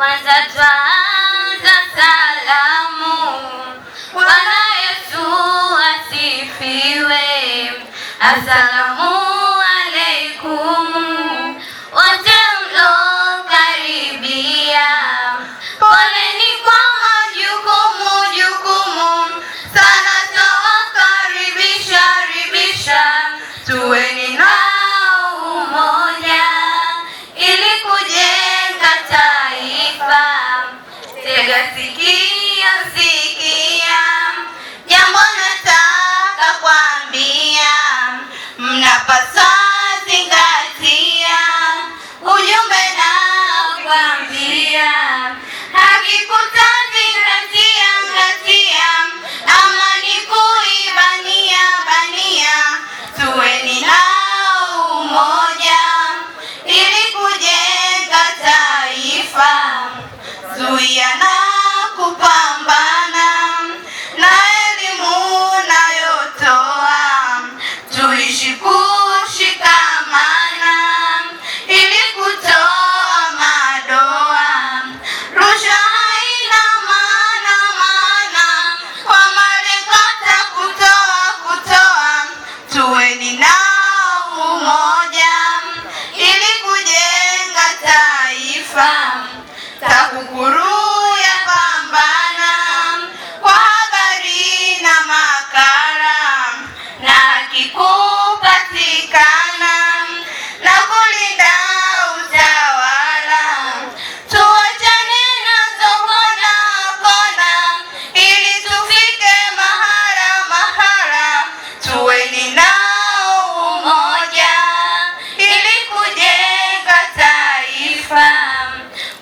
Kwanza twaanza salamu. Bwana Yesu asifiwe. Asalamu alaykum. Sikia, sikia, jambo nataka kuambia, mnapaswa zingatia ujumbe na kuambia hakikuta 是不？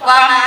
Bye.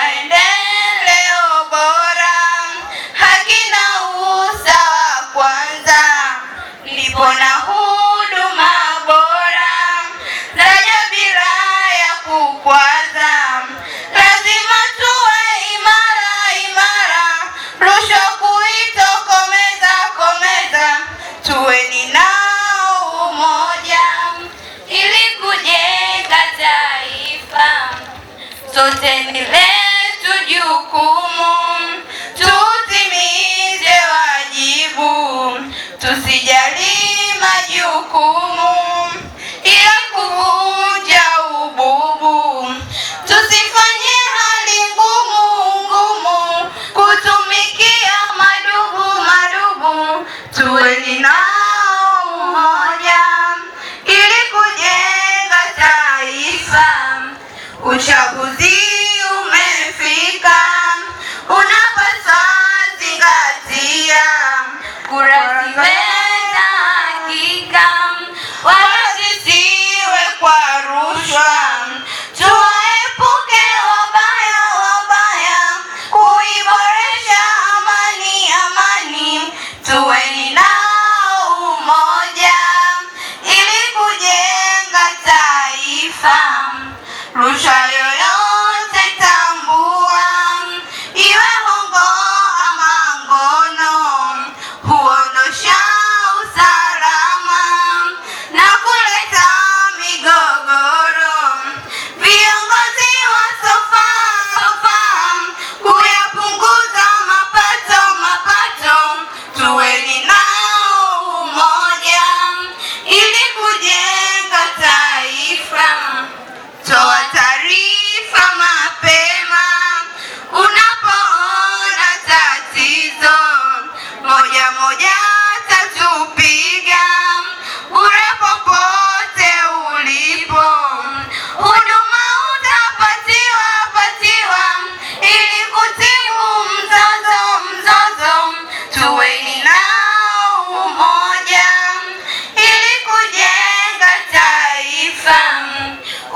Silêncio resta o cu.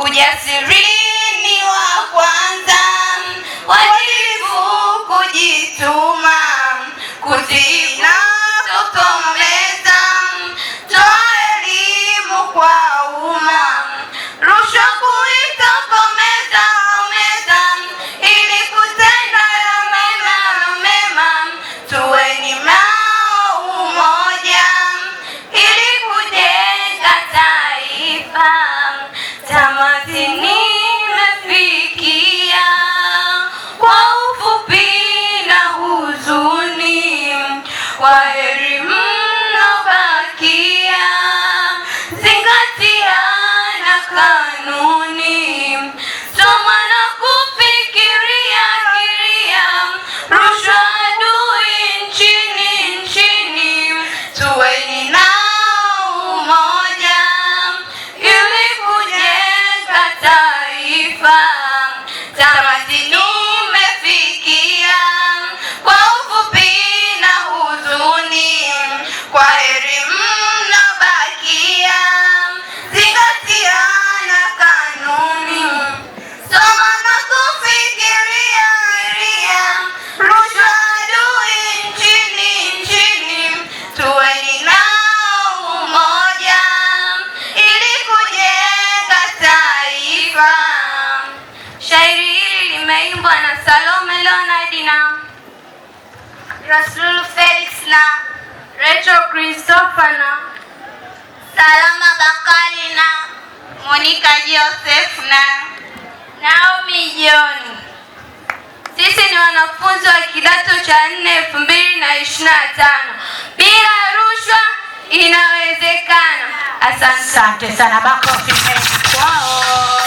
ujasiri ujasirini wakwa Rasul Felix na Rachel Christopher na Salama Bakali na Monica Joseph na Naomi Jioni. Sisi ni wanafunzi wa kidato cha nne elfu mbili na ishirini na tano. Bila rushwa inawezekana. Asante sana, makofi kwao.